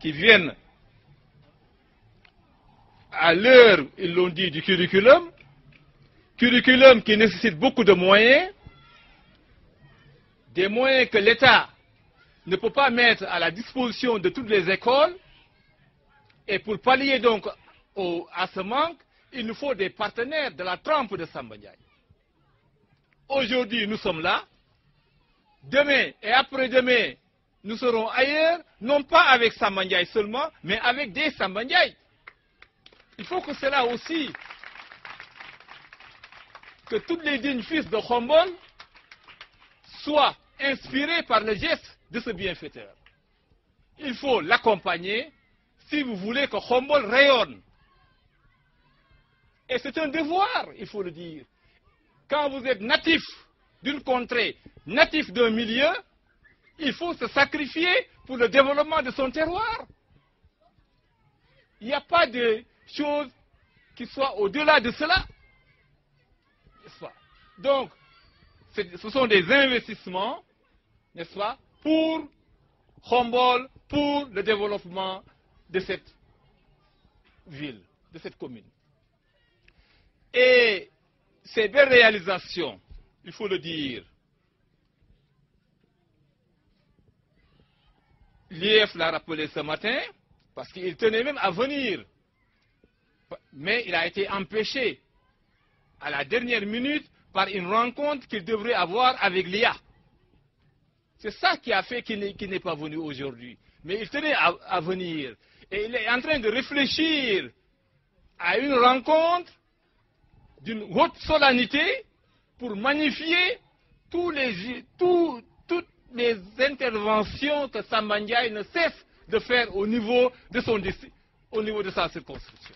qui viennent à l'heure, ils l'ont dit, du curriculum, curriculum qui nécessite beaucoup de moyens, des moyens que l'État ne peut pas mettre à la disposition de toutes les écoles. Et pour pallier donc à ce manque, il nous faut des partenaires de la trempe de Sambadiaï. Aujourd'hui, nous sommes là. Demain et après-demain, nous serons ailleurs, non pas avec Samandiaï seulement, mais avec des Samandiaï. Il faut que cela aussi, que tous les dignes fils de Khombol soient inspirés par le geste de ce bienfaiteur. Il faut l'accompagner si vous voulez que Khombol rayonne. Et c'est un devoir, il faut le dire. Quand vous êtes natif d'une contrée, natif d'un milieu, il faut se sacrifier pour le développement de son terroir. Il n'y a pas de choses qui soient au-delà de cela. Donc, ce sont des investissements, n'est-ce pas, pour Humboldt, pour le développement de cette ville, de cette commune. Et ces belles réalisations, il faut le dire, L'IF l'a rappelé ce matin, parce qu'il tenait même à venir. Mais il a été empêché à la dernière minute par une rencontre qu'il devrait avoir avec l'IA. C'est ça qui a fait qu'il n'est pas venu aujourd'hui. Mais il tenait à, venir. Et il est en train de réfléchir à une rencontre d'une haute solennité pour magnifier tous les, tous, les interventions que Sambandiaï ne cesse de faire au niveau de son au niveau de sa circonscription.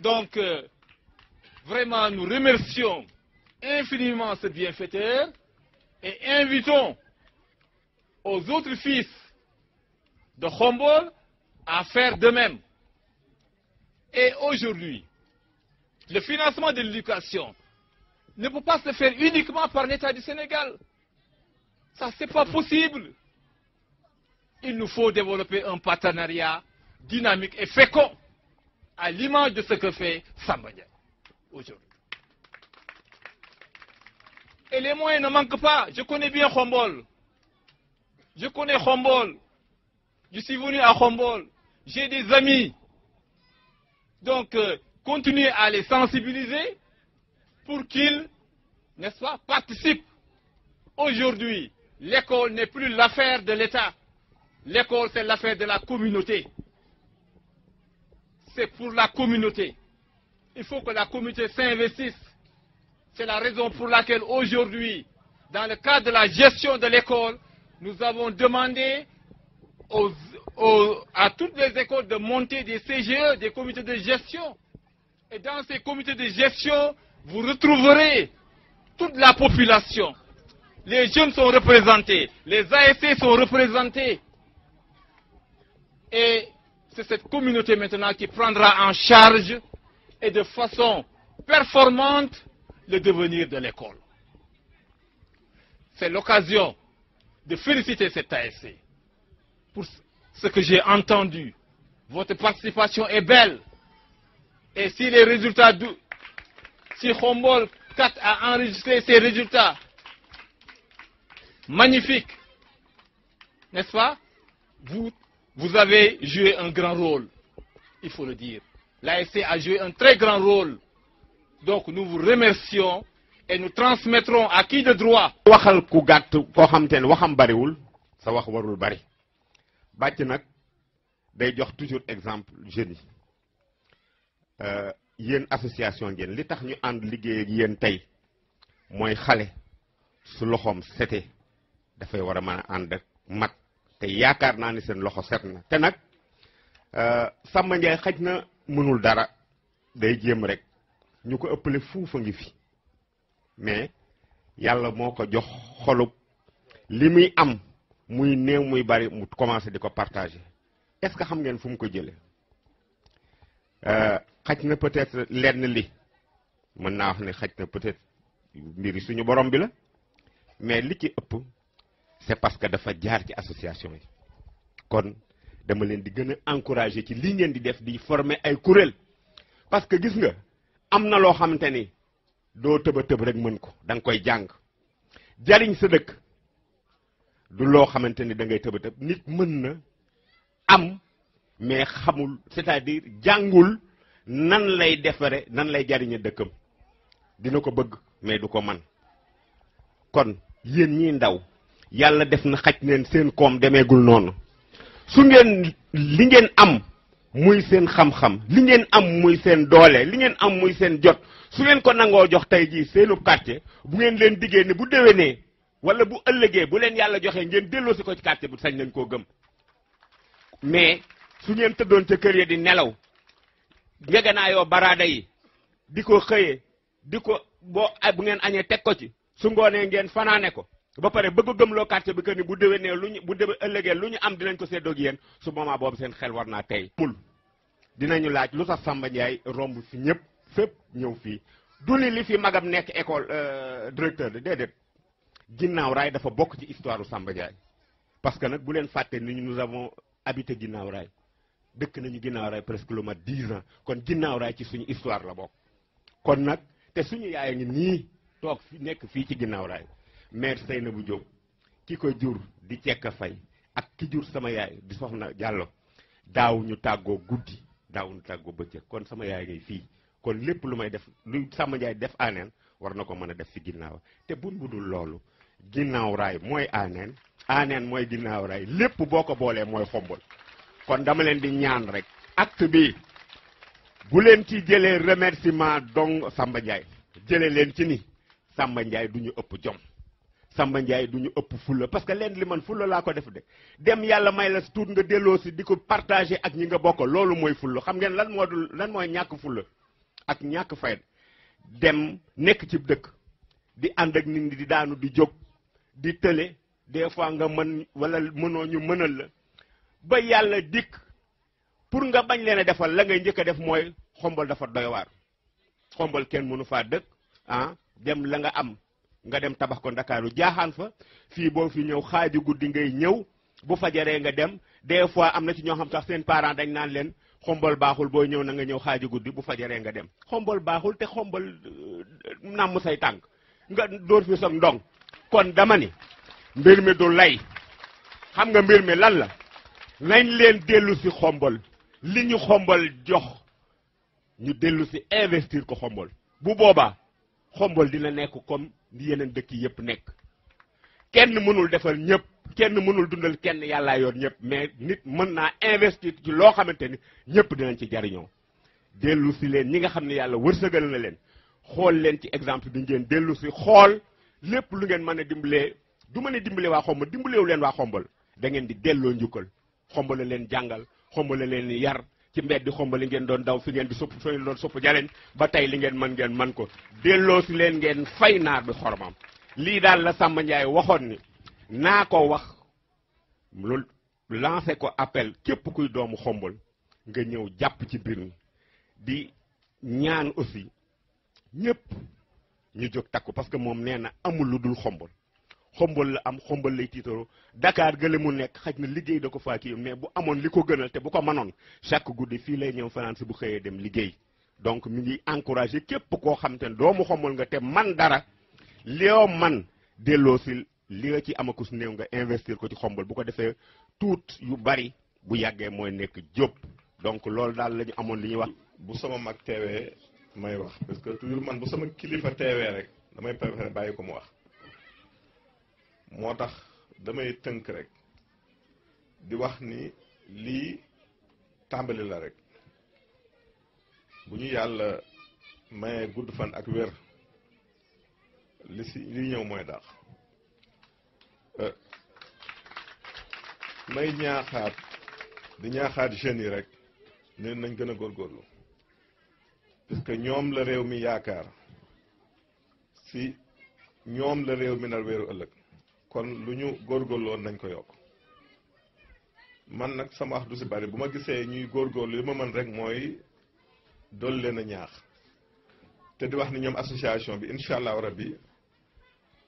Donc, euh, vraiment, nous remercions infiniment ce bienfaiteur et invitons aux autres fils de Humboldt à faire de même. Et aujourd'hui, le financement de l'éducation ne peut pas se faire uniquement par l'État du Sénégal. Ça, c'est pas possible. Il nous faut développer un partenariat dynamique et fécond, à l'image de ce que fait Sambadia aujourd'hui. Et les moyens ne manquent pas. Je connais bien Khombol. Je connais Khombol. Je suis venu à Khombol. J'ai des amis. Donc, euh, continuez à les sensibiliser, pour qu'ils, n'est-ce pas, participent. Aujourd'hui, l'école n'est plus l'affaire de l'État. L'école, c'est l'affaire de la communauté. C'est pour la communauté. Il faut que la communauté s'investisse. C'est la raison pour laquelle aujourd'hui, dans le cadre de la gestion de l'école, nous avons demandé à toutes les écoles de monter des CGE, des comités de gestion. Et dans ces comités de gestion, vous retrouverez toute la population. Les jeunes sont représentés, les ASC sont représentés. Et c'est cette communauté maintenant qui prendra en charge et de façon performante le devenir de l'école. C'est l'occasion de féliciter cette ASC pour ce que j'ai entendu. Votre participation est belle. Et si les résultats si Khombol 4 a enregistré ses résultats magnifique, n'est-ce pas vous, vous avez joué un grand rôle, il faut le dire. L'ASC a joué un très grand rôle. Donc nous vous remercions et nous transmettrons à qui de droit waxal ku waxam bariwul sa wax warul bari day jox toujours exemple génie. Euh, yéen association ngeen li tax ñu and liggéey ak yéen tey mooy xale su loxoom sete dafay war a mën a ànd ak mag te yaakaar naa ni seen loxo set na te nag euh, Samba Ndiaye xaj na mënul dara day jéem rek ñu ko ëppale fuufa ngi fi mais yàlla moo ko jox xolub li muy am muy néew muy bari mu commencé di ko partager est-ce que xam ngeen fu mu ko jëlee euh, xaj na peut-être lenn li mën naa wax ne xaj na peut-être mbiri suñu borom bi la mais li ci ëpp c'est parce que dafa jaar ci association yi kon dama leen di gën a encourager ci li ngeen di def di former ay kuréel parce que gis nga am na loo xamante ni doo tëba tëb rek mën ko da koy jàng jariñ sa dëkk du loo xamante ni da ngay tëba tëb nit mën na am mais xamul c'est-à-dire jàngul nan lay defare nan lay jariñe dëkkam dina ko bëgg mais du ko man kon yéen ñi ndaw yàlla def na xaj neen seen koom demeegul noonu su ngeen li ngeen am muy seen xam-xam li ngeen am muy seen doole li ngeen am muy seen jot su ngeen ko nangoo jox tey jii seenu quartier bu ngeen leen diggéen ne bu déwénee wala bu ëllëgee bu leen yàlla joxee ngeen delloo si ko ci quartier bu sañ nañ koo gëm mais su ngeen tëddoon ca kër ya di nelaw njeganaayoo baraada yi di ko xëyee di ko boo bu ngeen añee teg ko ci su ngoonee ngeen fanaane ko ba pare bëgg gëmloo quartier bi que ni bu nee lu ñu bu déwé ëllëgee lu ñu am dinañ ko séddoog yéen su moment boobu seen xel war naa tey. mul dinañu laaj lu sax Samba romb fi ñëpp fépp ñëw fii du ni li fi magam nekk école euh, directeur de déedéet ginnaaw raay dafa bokk ci histoire u parce que nag bu leen fàtte ni ñu nous avons habité ginnaaw raay. dëkk nañu ginnaaw raay presque lu mat dix ans kon ginnaaw raay ci suñu histoire la bokk kon nag te suñu yaay ngi nii toog nekk fii ci ginnaaw raay maire bu jóg ki ko jur di cekk fay ak ki jur sama yaay di soxna Diallo daaw ñu tàggoo guddi daaw ñu tàggoo bëccëg kon sama yaay ngi fii kon lépp lu may def lu Samba Ndiaye def aaneen war na ko mën a def si ginnaaw te bu dul loolu ginnaaw raay mooy aaneen aaneen mooy ginnaaw raay lépp boo ko boolee mooy xombol kon dama leen di ñaan rek acte bi bu leen ci jëlee remerciement dong Samba Ndiaye jëlee leen ci ni Samba njaay du ñu ëpp jom Samba njaay du ñu ëpp fulla parce que leen li man fulla laa ko def de dem yàlla may la si tuut nga delloo si di ko partagé ak ñi nga bokk loolu mooy fulla xam ngeen lan moo lan mooy ñàkk fulla ak ñàkk fayda dem nekk ci dëkk di ànd ak nit di daanu di jóg di tële des fois nga mën wala mënoo ñu mënal la ba yàlla dikk pour nga bañ leen a defal la ngay njëkk a def mooy xombal dafa doy waar xombal kenn mënu faa dëkk ah dem la nga am nga dem tabax ko ndakaaru jaaxaan fa fii boo fi ñëw xaaju guddi ngay ñëw bu fajaree nga dem des fois am na ci ñoo xam sax seen parents dañ naan leen xombal baaxul booy ñëw na nga ñëw xaaju guddi bu fajaree nga dem xombal baaxul te xombal euh, nàmm say tànk nga dóor fi sa ndong kon dama ni mbir mi du lay xam nga mbir mi lan la nañ leen dellu si xombol li ñu xombol jox ñu dellu si investir ko xombol bu boobaa xombol dina nekk comme di yeneen dëkk yépp nekk kenn mënul defar ñépp kenn mënul dundal kenn yàllaa yoon ñépp mais nit mën naa investir ci loo xamante ni ñépp dinañ ci jariñoo dellu si leen ñi nga xam ne yàlla wërsëgal na leen xool leen ci exemple bi ngeen dellu si xool lépp lu ngeen mën a dimbalee du mën a dimbalee waa xombal dimbaleewu leen waa xombal da ngeen di delloo njukkal xombale leen jàngal xombale leen yar ci mbedd di xombali ngeen doon daw fi ngeen di supp fi ngeen doon supp jaleen ba tey li ngeen mën ngeen man ko delloo leen ngeen fay naar bi xoromam lii daal la Samba Ndiaye waxoon ni naa ko wax lu lancé ko appel képp kuy doomu xombal nga ñëw jàpp ci mbir mi di ñaan aussi ñëpp ñu jóg takku parce que moom nee na amul lu dul xombal xombal la am xombal lay tiitaroo Dakar gële mu nekk xaj na liggéey da ko faa kii mais bu amoon li ko gënal te bu ko manoon chaque guddi fii lay ñëw fanaan si bu xëyee dem liggéey donc mu ngi encouragé képp koo xam te ne doomu xombal nga te man dara loo man delloo si li nga ci si néew nga investir ko ci xombal bu ko defee tuut yu bari bu yàggee mooy nekk jóob donc loolu daal la amoon li ñuy wax bu sama mag teewee may wax parce que sama kilifa teewee rek damay préféré ko mu wax moo tax damay tënk rek di wax ni lii tàmbali la rek bu ñu yàlla maye gudd fan ak wér li si li ñëw mooy daax euh, may ñaaxaat di ñaaxaat jeunes yi rek ne nañ gën a góorgóorlu parce que ñoom la réew mi yaakaar si ñoom la réew mi na wéeru ëllëg kon lu ñu góor góorgóorloon nañ ko yokk man nag sama wax du si bari bu ma gisee ñuy góorgóorlu li ma mën rek mooy dool leen a ñaax te di wax ni ñoom association bi incha allah rabbi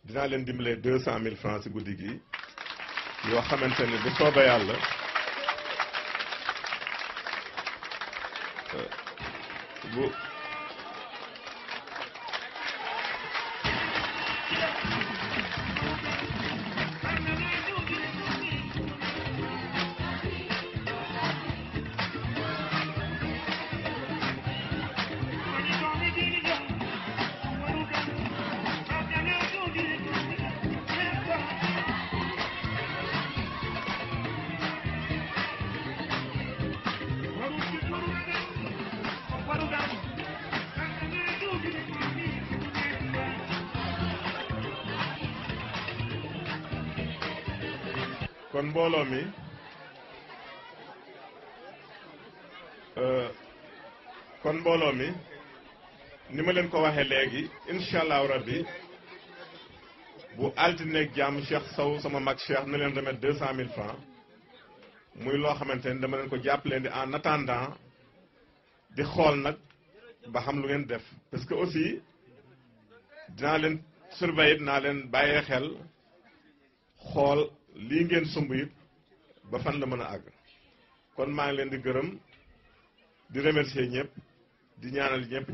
dinaa leen dimbalee deux cent mille francs si guddi gi yoo xamante ni bu soobee yàlla euh, bu kon mbooloo mi euh, kon mbooloo mi ni ma leen ko waxee léegi incha allahu rabbi bu altineeg jàmm Cheikh Sow sama mag Cheikh na leen remettre deux cent mille francs muy loo xamante ni dama leen ko jàppaleen di en attendant di xool nag ba xam lu ngeen def parce que aussi dinaa leen surveiller naa leen bàyyee xel xool lii ngeen sumb it ba fan la mën a àgg kon maa ngi leen di gërëm di remercier ñëpp di ñaanal ñëpp